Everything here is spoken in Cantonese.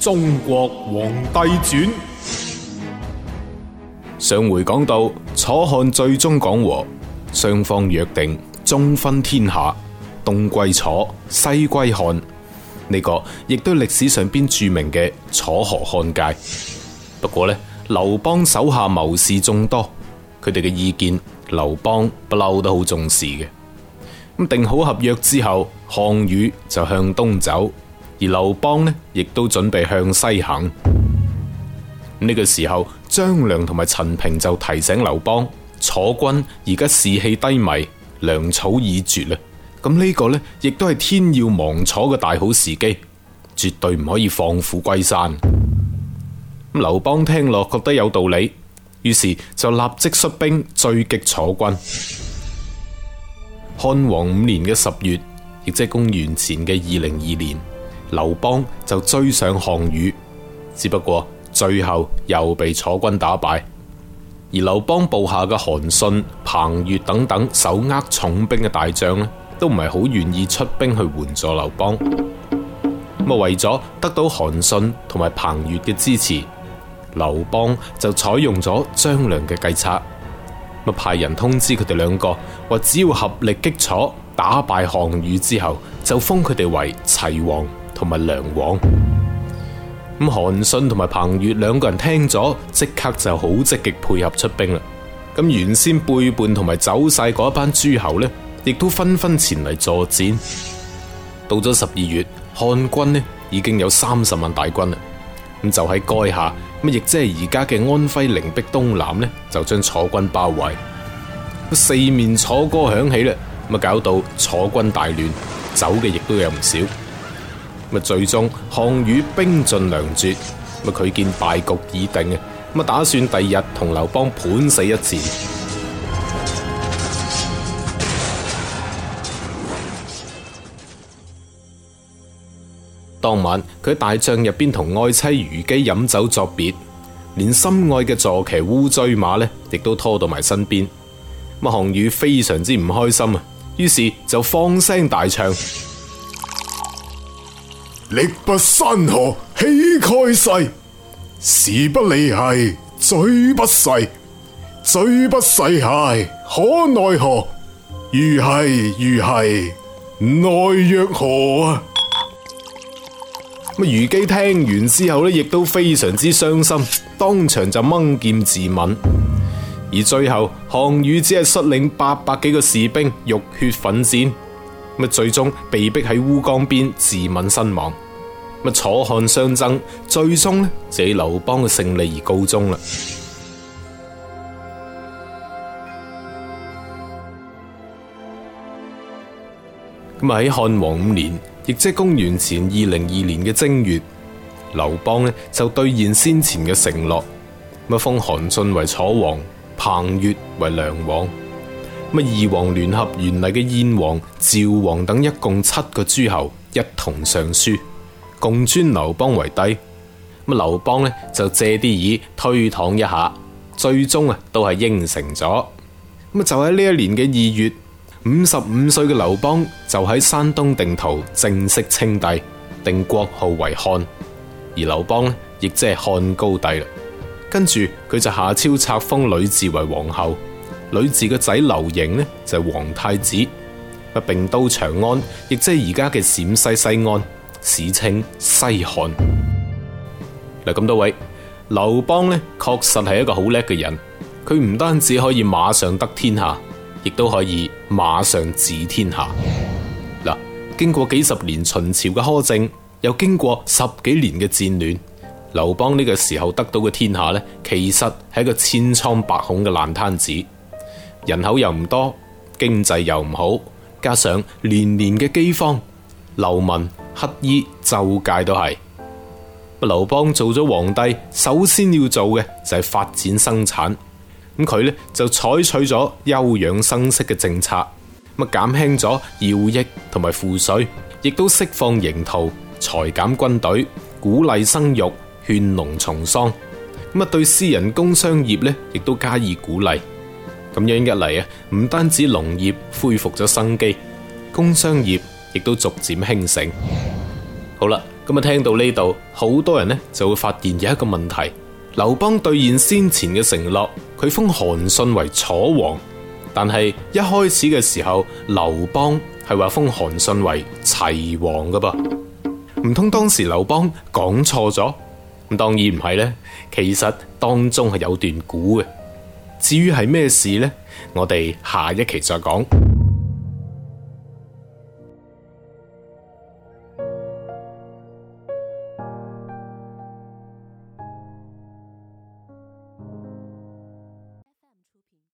中國皇帝傳，上回講到楚漢最終講和，雙方約定中分天下，東歸楚，西歸漢。呢個亦都係歷史上邊著名嘅楚河漢界。不過呢，劉邦手下謀士眾多，佢哋嘅意見，劉邦不嬲都好重視嘅。咁定好合約之後，項羽就向東走。而劉邦呢，亦都準備向西行。呢、這個時候，張良同埋陳平就提醒劉邦：楚軍而家士氣低迷，糧草已絕啦。咁、這、呢個呢，亦都係天要亡楚嘅大好時機，絕對唔可以放虎歸山。咁劉邦聽落覺得有道理，於是就立即率兵追擊楚軍。漢王五年嘅十月，亦即係公元前嘅二零二年。劉邦就追上項羽，只不過最後又被楚軍打敗。而劉邦部下嘅韓信、彭越等等手握重兵嘅大將呢，都唔係好願意出兵去援助劉邦。咁啊，為咗得到韓信同埋彭越嘅支持，劉邦就採用咗張良嘅計策，咁派人通知佢哋兩個，話只要合力擊楚，打敗項羽之後，就封佢哋為齊王同埋梁王。咁韓信同埋彭越兩個人聽咗，即刻就好積極配合出兵啦。咁原先背叛同埋走晒嗰班諸侯呢，亦都紛紛前嚟助戰。到咗十二月，漢軍呢已經有三十萬大軍啦。咁就喺垓下咁亦即係而家嘅安徽靈璧東南呢，就將楚軍包圍，四面楚歌響起啦。咁搞到楚軍大亂，走嘅亦都有唔少。咁最終項羽兵盡糧絕，咁佢見敗局已定啊，咁打算第二日同劉邦拼死一戰。當晚佢喺大帳入邊同愛妻虞姬飲酒作別，連心愛嘅坐騎烏騅馬呢亦都拖到埋身邊。咁項羽非常之唔開心啊！於是就放聲大唱：力拔山河，氣蓋世；時不利兮，嘴不逝；嘴不逝兮，可奈何？如兮如兮，奈若何啊？虞姬聽完之後呢，亦都非常之傷心，當場就掹劍自刎。而最後，項羽只係率領八百幾個士兵浴血奮戰，咁最終被逼喺烏江邊自刎身亡。咁楚漢相爭最終呢就以劉邦嘅勝利而告終啦。咁啊喺漢王五年，亦即係公元前二零二年嘅正月，劉邦呢就兌現先前嘅承諾，咁啊封韓信為楚王。彭越為梁王，乜二王聯合原嚟嘅燕王、趙王等一共七個諸侯，一同上書，共尊劉邦為帝。咁劉邦呢，就借啲意推搪一下，最終啊都係應承咗。咁就喺呢一年嘅二月，五十五歲嘅劉邦就喺山東定陶，正式稱帝，定國號為漢。而劉邦呢，亦即係漢高帝啦。跟住佢就下詔冊封呂雉為皇后，呂雉嘅仔劉盈呢就係、是、皇太子，不並到長安，亦即係而家嘅陝西西安，史稱西漢。嗱咁多位，劉邦呢確實係一個好叻嘅人，佢唔單止可以馬上得天下，亦都可以馬上治天下。嗱、啊，經過幾十年秦朝嘅苛政，又經過十幾年嘅戰亂。劉邦呢個時候得到嘅天下呢，其實係一個千瘡百孔嘅爛攤子，人口又唔多，經濟又唔好，加上連年嘅饑荒，流民、乞衣、周街都係。劉邦做咗皇帝，首先要做嘅就係發展生產。咁佢呢就採取咗休養生息嘅政策，咁啊減輕咗徭役同埋賦稅，亦都釋放刑徒，裁減軍隊，鼓勵生育。勸農從桑，咁啊對私人工商業咧，亦都加以鼓勵。咁樣一嚟啊，唔單止農業恢復咗生機，工商業亦都逐漸興盛。好啦，咁啊聽到呢度，好多人咧就會發現有一個問題：劉邦兌現先前嘅承諾，佢封韓信為楚王，但係一開始嘅時候，劉邦係話封韓信為齊王噶噃，唔通當時劉邦講錯咗？咁當然唔係呢，其實當中係有段古嘅。至於係咩事呢？我哋下一期再講。